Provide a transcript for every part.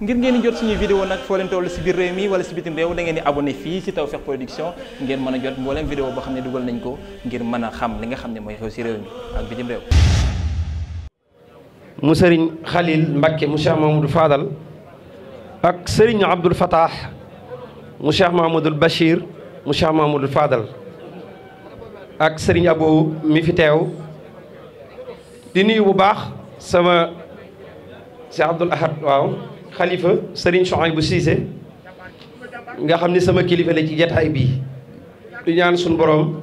ngir ngeen di jot suñuy vidéo nag foo leen toll si biir réew mi wala si bitim réew da ngeen di abonné fii si Tawfekh Production ngeen mën a jot mbooleem vidéo boo xam ne dugal nañ ko ngir mën a xam li nga xam ne mooy xew si réew mi ak bitim réew mu sëriñ Xalil Mbakke mu Cheikh mu Fadal ak sëriñ Abdoul Fatah mu Cheikh Mahamadoul Bachir mu Cheikh ak sëriñ Abo mi fi teew di nuyu bu baax sama Cheikh Abdoul Ahad waaw xalifa sëriñ bu Cissé nga xam ni sama kilifa la ci jataay bii du ñaan suñu boroom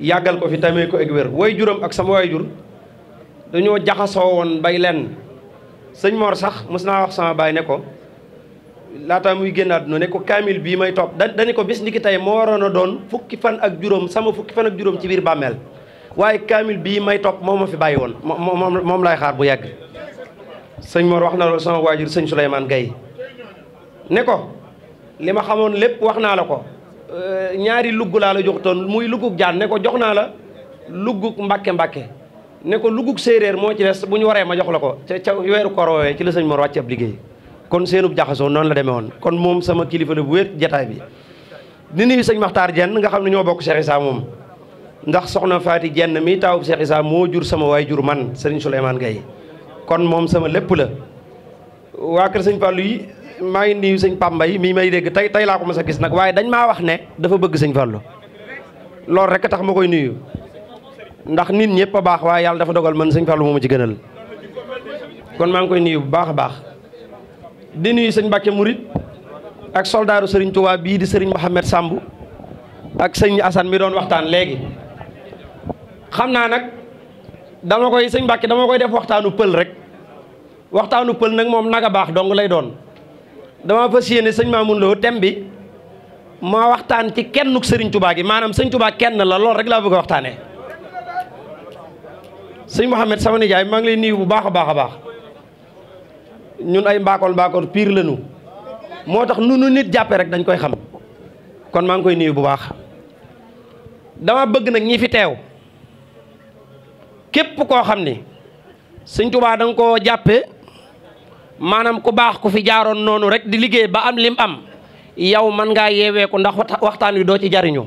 yàggal ko fi tamee ko ak wér way juram ak sama way jur dañoo jaxasoo woon bay lenn sëñ moor sax mos naa wax sama baay ne ko laataa muy génnaat ne ko kaamil bii may topp da dañu ko bis ni ki tey moo waroon a doon fukki fan ak juróom sama fukki fan ak juróom ci biir bàmmeel waaye kaamil bii may topp moo ma fi bàyyi woon moom moom laay xaar bu yàgg sëñ Mor wax na loolu sama waajur sëñ Souleymane Gaye ne ko li ma xamoon lépp wax naa la ko euh, ñaari lugg laa la jox toon muy luggug jaan ne ko jox naa la luggug mbàkke mbàkke ne ko luggug séeréer moo ci des bu ñu waree ma jox la ko ca ca weeru koor ci la sëñ Mor wàcc liggéey kon seenub jaxasoo noonu la demee woon kon moom sama kilifa la bu wér jataay bi ni nuyu sëñ Maxtaar Jenn nga xam ne ñoo bokk Cheikh Issa moom ndax soxna Faati Jenn mi taawub Cheikh moo jur sama waay jur man sëriñ Souleymane Gaye kon moom sama lépp la waa kër sëñ Fallou yi maa ngi nuyu sëñ Pambay mii may dégg tey tey laa ko ma sa gis nag waaye dañ maa wax ne dafa bëgg sëñ Fallou loolu rek tax ma koy nuyu ndax nit ñëpp a baax waaye yàlla dafa dogal mën sëñ Fallou moo ma ci gënal kon maa ngi koy nuyu bu baax a baax di nuyu sëñ Mbacke murit ak soldaaru Serigne Touba bii di Serigne Mohamed Samb ak sëñ Assane mi doon waxtaan léegi xam naa nag. dama koy sëñ Mbàkke dama koy def waxtaanu pël rek waxtaanu pël nag moom naga baax dong lay doon dama fas yéene sëñ Mamoune Lo thème bi ma waxtaan ci kennuk sëriñ Tubaa gi maanaam sëñ Tubaa kenn la loolu rek laa bëgg a sëñ Mouhamed sama nijaay maa ngi lay niiw bu baax a baax a baax ñun ay mbaakool mbaakool piir la ñu moo tax nu nit jàppee rek dañ koy xam kon maa ngi koy nuyu bu baax dama bëgg nag ñi fi teew képp koo xam ne sëñ tubaa da nga koo jàppe maanaam ku baax ku fi jaaroon noonu rek di liggéey ba am lim am yow man ngaa yeeweeku ndax waxtaan wi doo ci jariñu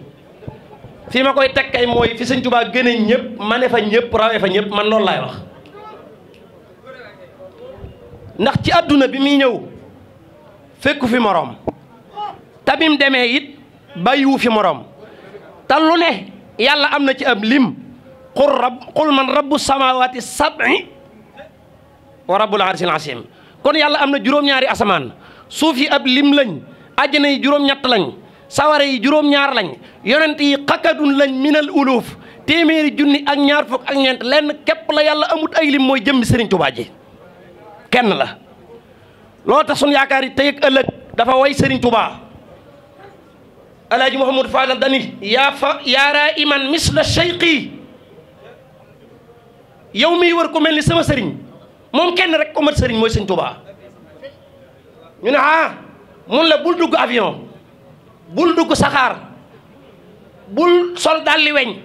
fi ma koy teg kay mooy fi sëñ Tuubaa gën a ñëpp mane fa ñëpp rawee fa ñëpp man loolu laay wax ndax ci àdduna bi muy ñëw fekku fi moroom tabim demee it bàyyiwu fi moroom te ne yàlla am na ci ab lim qul rab qul man rabbu la sab'i wa kon yàlla am na juróom-ñaari asamaan suuf yi ab lim lañ àjjana yi juróom-ñett lañ sawara yi juróom-ñaar lañ yonent yi xakadun lañ minal uluf téeméeri junni ak ñaar fukk ak ñeent lenn képp la yàlla amut ay lim mooy jëmmi Serigne Touba ji kenn la loo tax sun yaakaar yi tey ak dafa way Serigne Touba alaaji Mouhamadou Fadal dani yaa fa yaaraa iman misla cheyqi yow mii war ku mel ni sama sëriñ moom kenn rek ko mat sëriñ mooy sëñ Tuubaa ñu ne ah mun la bul dugg avion bul dugg saxaar bul sol dàlli weñ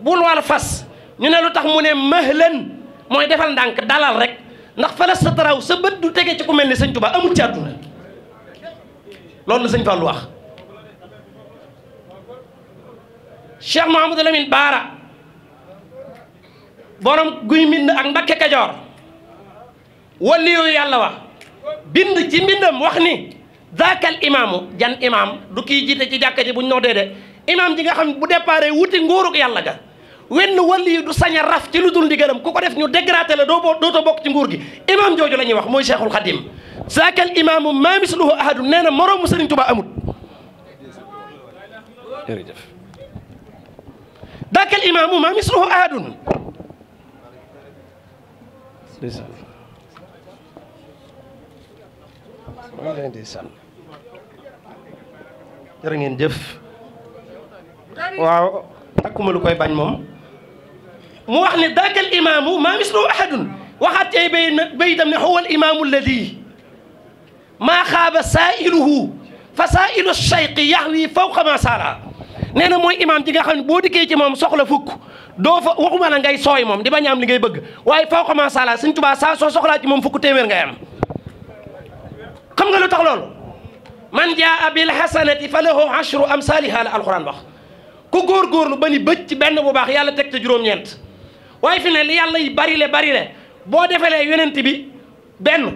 bul wal fas ñu ne lu tax mu ne mahlan mooy defal ndànk dalal rek ndax fala sa taraw sa bët du tege ci ku mel ni sëñ Tuubaa amul ci àdduna loolu la sëñ Fallu wax Cheikh Mouhamadou Lamine Baara borom guy mbind ak Mbakke Kajoor waliyu yàlla wax bind ci mbindam wax ni zaakal imaamu jan imaam du kii jiite ci jàkka ji buñ noo dee de imaam ji nga xam bu déparé wuti nguuruk yàlla ga wenn waliyu du sañ a raf ci lu dul ndigalam ku ko def ñu dégraté la doo dootoo bokk ci nguur gi imaam jooju la ñuy wax mooy Cheikhul Khadim zaakal imaamu maa misluhu ahadun nee na moroomu Sëriñ Tuubaa amut jërëjëf zaakal imaamu maa misluhu ahadun ndeysaan maa di sant jërë ngeen jëf waaw lu koy bañ moom mu wax ne daakal imaamu maa mislu ahadun waxaat cay bay bayitam ne huwa al imaamu alladi maa xaaba saailuhu fa saailu cheyqi yaxwi fawqa ma saala nee na mooy imaam ji nga xam ne boo dikkee ci moom soxla fukk doo fa waxuma la ngay sooy moom di bañ am li ngay bëgg waaye foo commencé àlla Sëñ Tuubaa saa soo soxlaa moom fukk téeméer ngay am xam nga lu tax loolu man jaa bil hasanati falahu ashru amsaliha la alquran wax ku góorgóorlu ba ni bëcc ci benn bu baax yàlla teg ca juróom-ñeent waaye fi ne li yàlla yi bari le bari le boo defalee yonent bi benn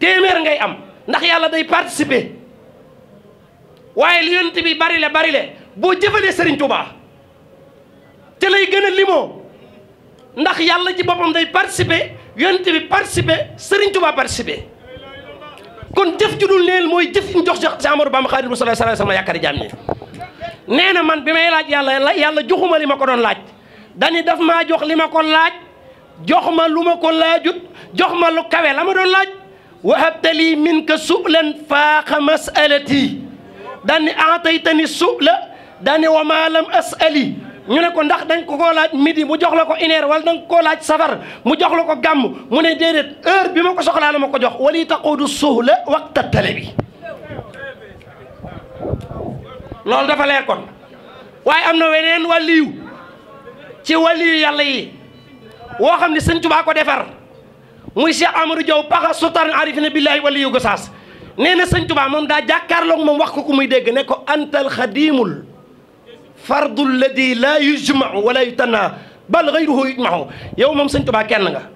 téeméer ngay am ndax yàlla day participer waaye li yonent bi bari le bari le boo jëfalee Sëriñ Tuubaa te lay gën a limoo ndax yàlla ci boppam day participer yonent bi participer Serigne Touba participer kon jëf ju dul neel mooy jëf ñu jox si Amadou Bamba Xaadimu Rasuul sallallahu alayhi wa sallam yaakaari jaam ñi nee na man bi may laaj yàlla yàlla joxuma li ma ko doon laaj dani daf maa jox li ma ko laaj jox ma lu ma ko laajut jox ma lu kawe la ma doon laaj wahabtali minka sublan faaqa masalati dani aataytani subla dani wa ma lam asali ñu ne ko ndax dañ ko koo laaj midi mu jox la ko une heure wala dañ koo laaj safar mu jox la ko gàmm mu ne déedéet heure bi ma ko soxlaa la ma ko jox wali taquudu suhla waqta talabi loolu dafa leer kon waaye am na weneen waliyu ci waliyu yàlla yi woo xam ne sëñ Tuubaa ko defar muy Cheikh Amadou Diaw paxa sultaan arifina billahi waliyu gosaas nee na sëñ Tuubaa moom daa jàkkaarloog moom wax ko ku muy dégg ne ko antal xadimul fardu di la yujmau wala yutanna bal gayruhu yujmau yow moom sëñ Tuubaa kenn nga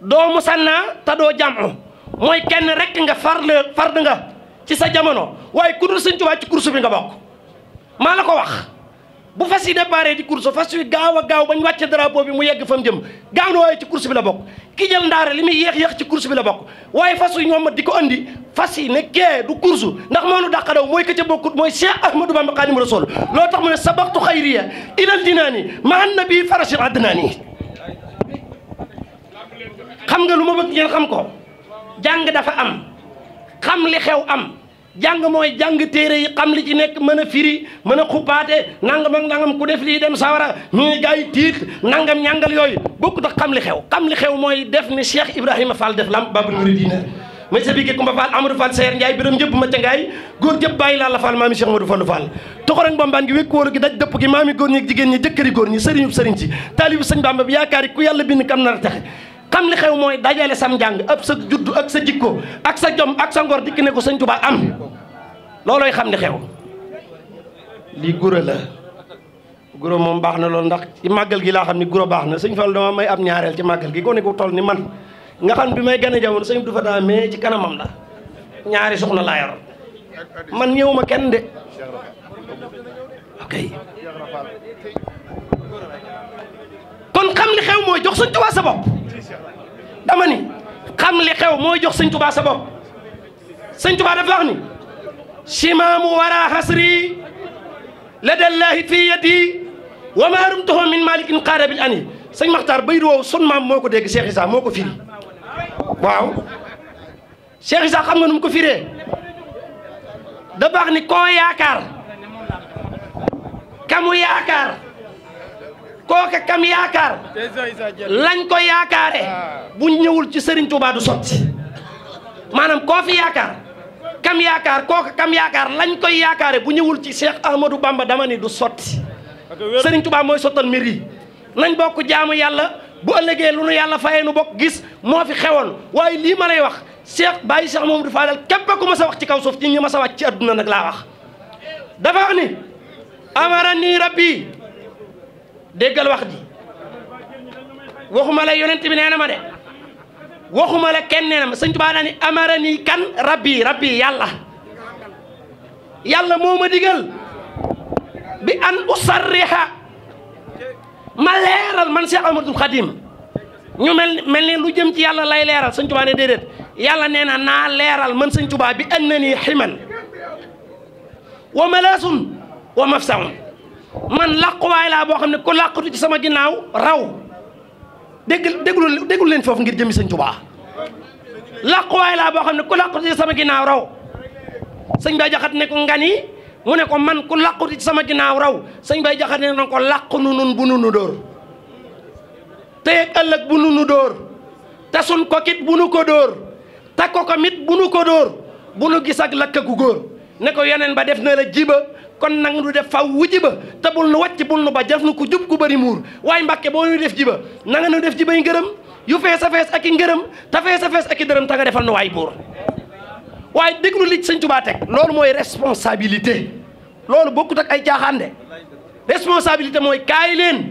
doo musanna te doo jamu mooy kenn rek nga fard fard nga ci sa jamono waaye ku dul sëñ Tuubaa ci kursu bi nga bokk maa la ko wax bu fas yi déparé ci kursu fas yu gaaw gaaw bañ wàcce drapeau bi mu yegg fa mu jëm gaaw na waaye ci kursu bi la bokk ki jël ndaare li muy yéex yéex ci course bi la bokk waaye fas yi ñoom di ko andi fas yi ne kee du course ndax moo nu dàq daw mooy ka ca bokkut mooy Cheikh Ahmadou Bamba Xaadimu Rasuul loo tax mu ne sabaqtu xayriya ilal dinaani mahan nabi na adnaani xam nga lu ma bëgg ngeen xam ko jàng dafa am xam li xew am jàng mooy jàng téere yi xam li ci nekk mën a firi mën a xupaate nangam ak nangam ku def lii dem sawara ñu ngi gars yi tiit nangam ñàngal yooyu bokkut ak xam li xew xam li xew mooy def ni Cheikh Ibrahima Fall def lam babul muridina monsieur Bigué Kumba Fall Amadou Fall Seer Ndiaye biram jëpp ma tengaay góor jëpp bàyyi laa la Fall maami Cheikh Modou Fallou Fall toxoran bombaan gi wékk wóolu gi daj dëpp gi maami góor ñi jigéen ñi jëkkëri góor ñi sëriñub sëriñ si taalibu sëñ Bamba bi yaakaar yi ku yàlla bind kam nar a taxe xam li xew mooy dajale sam njàng ab sa juddu ak sa jikko ak sa jom ak sa ngor dikk ne ko sëñ Tuubaa am loolooy xam li xew lii gura la guro moom baax na loolu ndax i màggal gi laa xam ni guro baax na sëñ fa dama may am ñaareel ci màggal gi gone gu toll ni man nga xam bi may gën a jamono sëñ du fa ci kanamam la ñaari soxna laa yoroon man ñëwuma kenn de kon xam li xew mooy jox sëñ Tuubaa sa bopp dama ni xam li mooy jox sëñ tubaa sa bopp sëñ tubaa dafa wax ni hasri ladallaahi fi yadi wa ma rumtuhu min malikin qaarabil ani sëñ maxtaar bay woow sun maam moo ko dégg Cheikh Issa moo ko firi waaw Cheikh Issa nga nu ko firee da baax ni koo yaakaar kamu yaakaar kooka kam yaakaar lañ koy yaakaare bu ñëwul ci Serigne Touba du sotti maanaam koo fi yaakaar kam yaakaar kooka kam yaakaar lañ koy yaakaare bu ñëwul ci Cheikh Ahmadou Bamba dama ni du sotti Serigne Touba mooy sottal mbir yi nañ bokk jaamu yàlla bu ëllëgee lu nu yàlla fayee nu bokk gis moo fi xewoon waaye lii ma lay wax Cheikh Baye Cheikh Mamadou Fadal képp ku ma sa wax ci kaw suuf ci ñi ma sa wàcc ci adduna nag laa wax dafa wax ni nii rabbi déggal wax ji waxuma la yonent bi nee ma de waxuma la kenn nee na ma sëñ Tuubaa daa ni amara kan rabbi rabbi yàlla yàlla moo ma digal bi an usarriha ma leeral man Cheikh Ahmadoul Khadim ñu mel mel ni lu jëm ci yàlla lay leeral sëñ Tuubaa ne déedéet yàlla nee na naa leeral man sëñ Tuubaa bi an na nii ximan wa malaasun wa mafsaun man làquwaay laa boo xam ne ku làqutu ci sama ginnaaw raw dégg déglu leen foofu ngir jëmi sëñ Tuubaa làquwaay laa boo xam ne ku làqutu ci sama ginnaaw raw sëñ Bay jaxat ne ko ngan yi mu ne ko man ku làqutu ci sama ginnaaw raw sëñ Bay Jaxate ne ko làqu nu nun bu nunu dóor tey ak ëllëg bu nunu dóor te suñ ko kit bu nu ko dóor te ko ko mit bu nu ko dóor bu nu gis ak lakk gu góor ne ko yeneen ba def na la jiba kon nag nu def faw wu jiba te bul nu wàcc bul nu ba def nu ku jub ku bari muur waaye mbakke boo nu def jiba na nga nu def jibay ngërëm yu fees a ak i ngërëm te fees a ak i dërëm te nga defal nu waay buur waaye déglu li sëñ Tuubaa teg loolu mooy responsabilité loolu bokkut ak ay caaxaan de responsabilité mooy kaay leen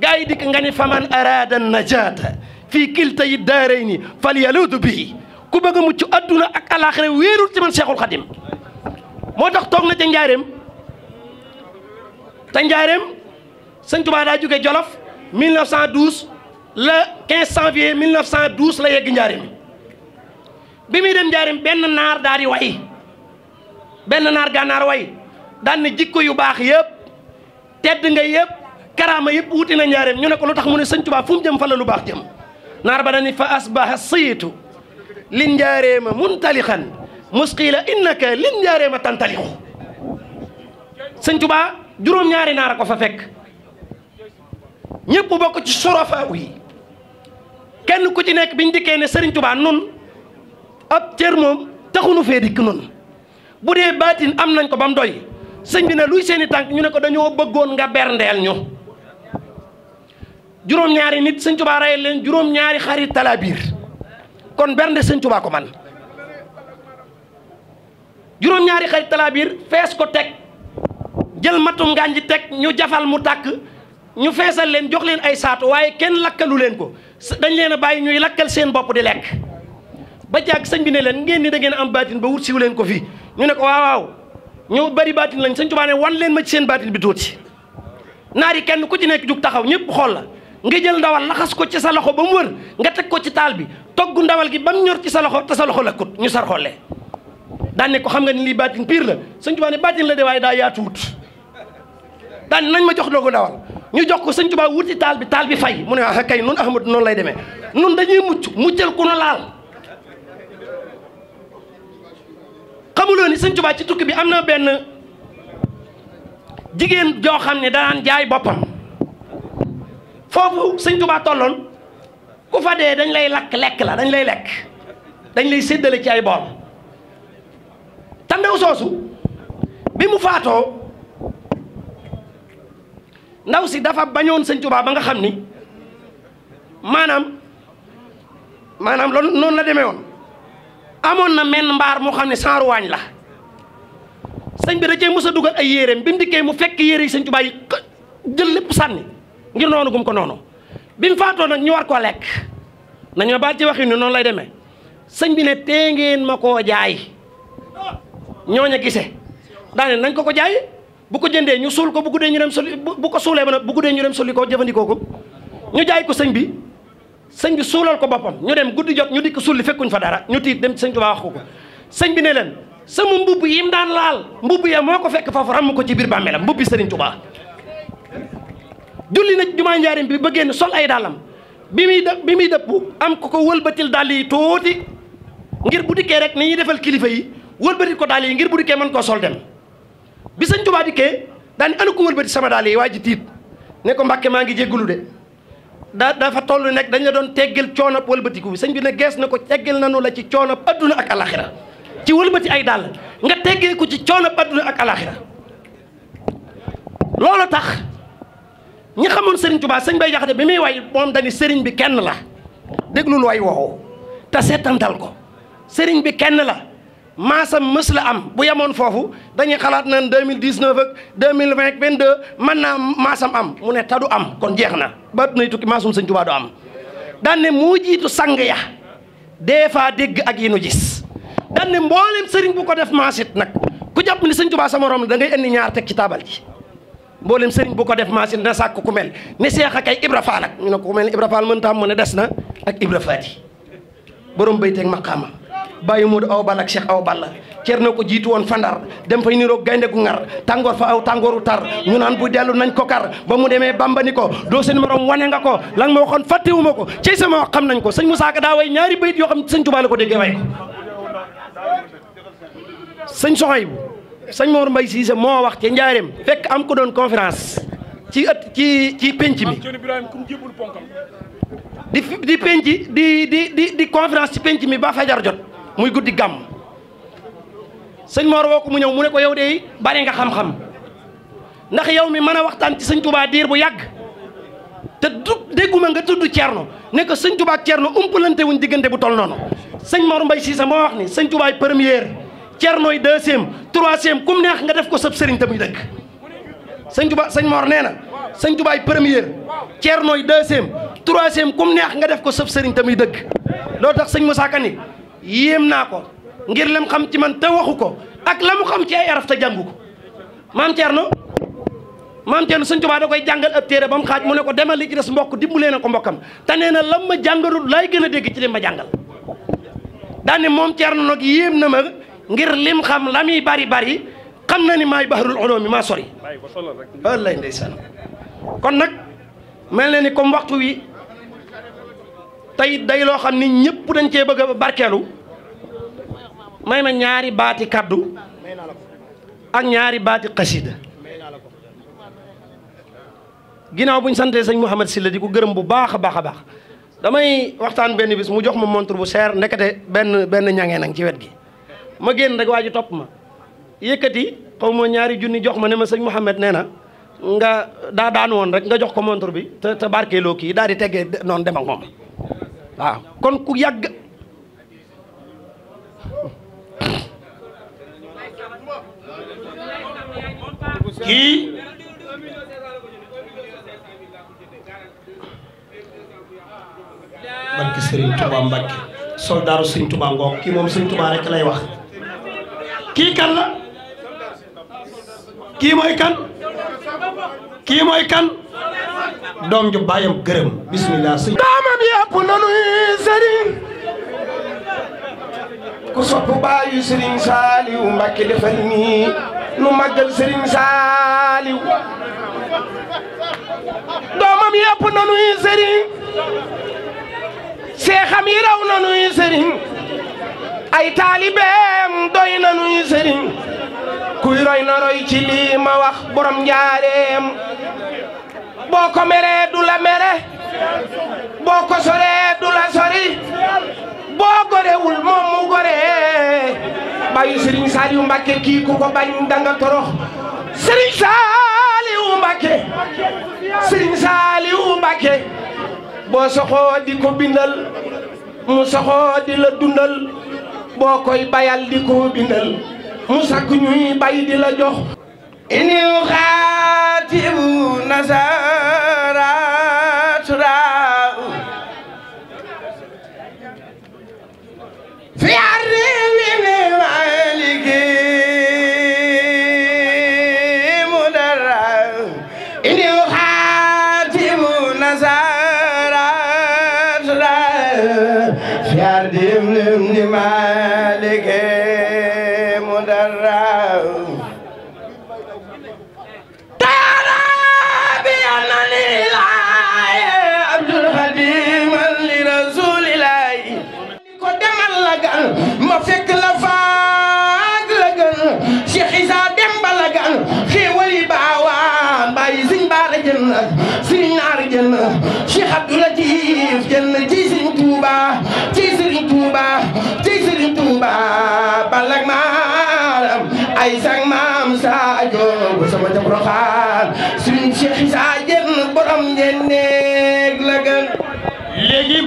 gaa yi dikk nga ni faman araada najaata fii kilta yi daaray ni fal yaluudu bii ku bëgg mucc adduna ak àllaaxira wéerul ci man tax toog na ca njaareem te njaareem sëñ Touba daa jóge Jolof 1912 le 15 janvier 1912 la yegg njaareem bi muy dem njaareem benn naar daal di way benn naar gànnaar way daan ne jikko yu baax yëpp tedd nga yëpp karaama yëpp wuti na njaareem ñu ne ko lu tax mu ne sëñ Touba jëm fa la lu baax jëm naar ba dani fa asbaha saytu lin njaareema muntalixan musqila innaka lin njaareema tantalixu sëñ Touba juróom-ñaari naar ko fa fekk ñëpp bokk ci surafa yi kenn ku ci nekk biñ dikkee ne Serigne Touba nun ab cër moom taxunu fee dikk nun bu dee baatin am nañ ko ba mu doy sëñ bi ne luy seeni tànk ñu ne ko dañoo bëggoon nga berndeel ñu juróom-ñaari nit sëñ Touba rayal leen juróom-ñaari xarit talaabiir kon bernde sëñ Touba ko man juróom-ñaari xarit talaabiir fees ko teg jël matum ngaañ ji teg ñu jafal mu tàkk ñu feesal leen jox leen ay saatu waaye kenn lakkalu leen ko dañ leen a bàyyi ñuy lakkal seen bopp di lekk ba jàgg sëñ bi ne leen ngeen ni dangeen ngeen am baatin ba wut leen ko fii ñu ne ko waaw waaw ñu bari baatin lañ sëñ Tuubaa ne wan leen ma ci seen baatin bi tuuti naar yi kenn ku ci nekk jug taxaw ñëpp xool la nga jël ndawal laxas ko ci sa loxo ba mu wër nga teg ko ci taal bi togg ndawal gi ba mu ñor ci sa loxo te sa loxo lakkut ñu sar xollee xam nga ni lii baatin pire la sëñ Tuubaa ne baatin la de waaye daa daan nañ ma jox ndogu ndawal ñu jox ko sëñ Tuubaa wuti taal bi taal bi fay mu ne ah kay nun Ahmadu noonu lay demee nun dañuy mucc muccal ku nu laal xamuloo ni sëñ ci tukki bi am na benn jigéen joo xam ne danaan jaay boppam foofu sëñ Tuubaa tolloon ku fa dee dañ lay lakk lekk la dañ lay lekk dañ lay séddale ci ay bool tandew soosu bi mu faatoo ndaw si dafa bañoon sëñ Tuubaa ba nga xam ni maanaam maanaam loolu noonu la demee woon amoon na menn mbaar moo xam ne saaru waañ la sëñ bi da cee mos a dugal ay yéreem bi mu dikkee mu fekk yére yi sëñ Tuubaa yi jël lépp sànni ngir noonu gum ko noonu bi mu faatoo nag ñu war koo lekk nañu ma baal ci waxi ni noonu lay deme sëñ bi ne tee ngeen ma ko jaay ñooña gise daane nañ ko ko jaay bu ko jëndee ñu suul ko bu guddee ñu dem soli bu ko suulee ba bu guddee ñu dem soli ko jëfandikoo ko ñu jaay ko sëñ bi sëñ bi suulal ko boppam ñu dem guddi jot ñu dikk sulli fekkuñ fa dara ñu tiit dem sëñ Tuubaa wax ko ko sëñ bi ne leen sama mbubb yi mu daan laal mbubb ya moo ko fekk foofu ramm ko ci biir bàmmeelam mbubbi sëriñ Tuubaa julli na jumaa njaarim bi ba génn sol ay dàllam bi muy dë bi muy dëpp am ko ko wëlbatil dàll yi tuuti ngir bu dikkee rek ni ñuy defal kilifa yi wëlbatil ko dàll yi ngir bu dikkee mën koo sol dem bi sëñ Tuubaa dikkee daan ana ko wëlbati sama daal yi waa ji tiit ne ko mbàkke maa ngi jéggulu de daa dafa toll nekk dañ la doon teggal coonab wëlbatiku bi sëñ bi ne gees na ko teggal nanu la ci coono adduna ak alaxira ci wëlbati ay dàll nga teggee ko ci coonab adduna ak alaxira loolu tax ñi xamoon sëriñ Tuubaa sëñ bay jaxate bi muy way moom dañu sëriñ bi kenn la déglul way woowu te seetantal ko sëriñ bi kenn la maasam mës la am bu yemoon foofu dañuy xalaat naan deux mille dix neuf ak deux mille vingt ak vingt deux mën naa maasam am mu ne tadu am kon jeex na ba nay tukki maasum sëñ Tuubaa du am daan ne moo jiitu sang ya des fois dégg ak yi nu gis daan ne mboolem sëriñ bu ko def maasit nag ku jàpp ni sëñ Tuubaa sama morom la da ngay indi ñaar teg ci taabal ji mboolem sëriñ bu ko def maasit na sàkk ku mel ni seex ak ay Ibra Faal ak ñu ne ku mel ni Ibra Faal mën ta am mu ne des na ak Ibra Faati borom bay teeg maqaama bàyyi moo aw bal ak Cheikh aw la cer na ko jiitu woon fa Ndar dem fay niroog gaynde gu ngar tàngoor fa aw tàngooru tar ñu naan bu dellu nañ ko kar ba mu demee Bamba ni ko doo seen morom wane nga ko lan ma waxoon fàttewuma ko ci sama wax xam nañ ko sëñ Moussa Ka daa way ñaari bayit yoo xam sëñ Touba la ko sëñ Soxaybu sëñ Mor Mbay moo wax ci njaareem fekk am ko doon conférence ci ëtt ci ci penc mi di di penc di di di conférence ci penc mi ba fajar jot muy guddi gàmm sëñ Mor woo ko mu ñëw mu ne ko yow de bari nga xam-xam ndax yow mi mën a waxtaan ci sëñ Touba diir bu yàgg te du dégguma nga tudd Thierno ne ko sëñ Touba ak Thierno umpalante wuñ diggante bu toll noonu sëñ Mor Mbaye Cissé moo wax ni sëñ Touba première Thierno yi deuxième troisième kum neex nga def ko sëb sëriñ te muy dëkk. sëñ Touba sëñ Mor nee na sëñ Touba première Thierno yi deuxième troisième kum neex nga def ko sëb sëriñ te muy dëgg loo tax sëñ Moussa Kane yéem naa ko ngir lam xam ci man te waxu ko ak la mu xam ci ay araf te jàngu ko maam Thierno maam Thierno Sëñ Tuubaa da koy jàngal ab téere ba mu xaaj mu ne ko demal li ci des mbokk dimbalee na ko mbokkam te nee na lam ma jàngalul laay gën a dégg ci li ma jàngal daane moom Thierno nag yéem na ma ngir lim xam la muy bari bari xam na ni maay baharul ulumi maa sori wallaay ndeysaan kon nag mel na ni comme waxtu wi tey day loo xam ni ñëpp dañ cee bëgg a barkeelu may ma ñaari baati kaddu ak ñaari baati xasida ginnaaw bu ñu santee sëñ Mouhamed Sylla di ko gërëm bu baax a baax a baax damay waxtaan benn bis mu jox ma montre bu seer ndekete benn benn ñangee nag ci wet gi ma génn rek waa ji topp ma yëkkati xaw ma ñaari junni jox ma ne ma sëñ Mouhamed nee na nga daa daan woon rek nga jox ko montre bi te te barkeeloo kii daal di teggee noonu demal ak moom waaw kon ku yàgg. kii barki Serigne Touba Mbacke soldaaru Serigne Touba kii moom Serigne Touba rek lay wax kii kan la kii mooy kan kii mooy kan doom ju bàyyam gërëm bismillah sëñ doomam yëpp nanuy sëriñ ku sopp bàyyi Serigne Saliou Mbacke defal nu màggal sëriñ saaliw doomam yëpp na nuy sëriñ seexam yi raw na nuy sëriñ ay taalibeem doy na nuy sëriñ kuy roy na roy ci lii wax borom njaareem boo ko meree du bàyyi Serigne Saliou Mbacké kii ku ko bañ danga torox Serigne Saliou Mbacké Serigne Saliou boo soxoo di ko bindal mu soxoo di la dundal boo koy bayal di ko bindal mu sakk ñuy bay di la jox iniw xaatibu nasaratura dim lim ni ma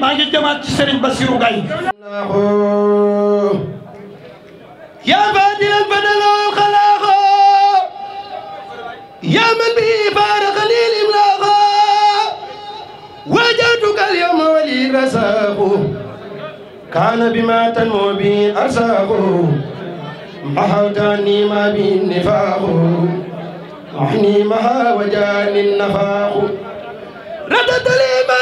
maa ngi jëmaat ci Serigne Bassirou Gaye يا فادل البدل والخلاق يا من به فارق لي الإملاق وجدتك اليوم ولي رساق كان بما تنمو به أرساق محوتني ما به النفاق أحني مها وجاني النفاق ردت لي ما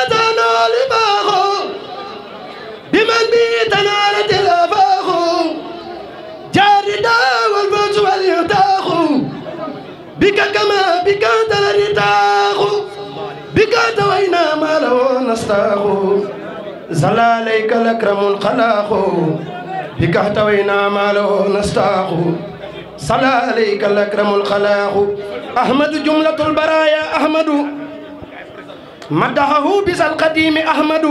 المستاخ زل عليك الأكرم الخلاق بك احتوينا ما له نستاخ صلى عليك الأكرم الخلاق أحمد جملة البرايا أحمد مدحه بس القديم أحمد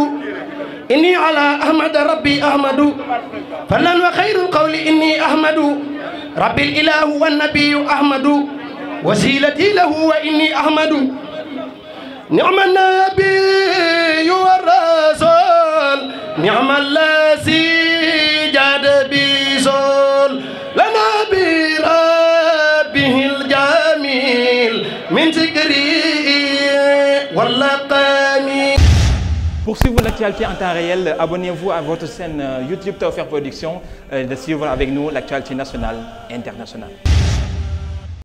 إني على أحمد ربي أحمد فلن وخير القول إني أحمد ربي الإله والنبي أحمد وسيلتي له وإني أحمد نعم النبي a نعم الذي جاد بيزول لنا بربه الجميل من ذكره واللقامي Pour suivre l'actualité en temps réel, abonnez-vous à votre chaîne euh, YouTube Tawfekh Production euh, de suivre avec nous l'actualité nationale internationale.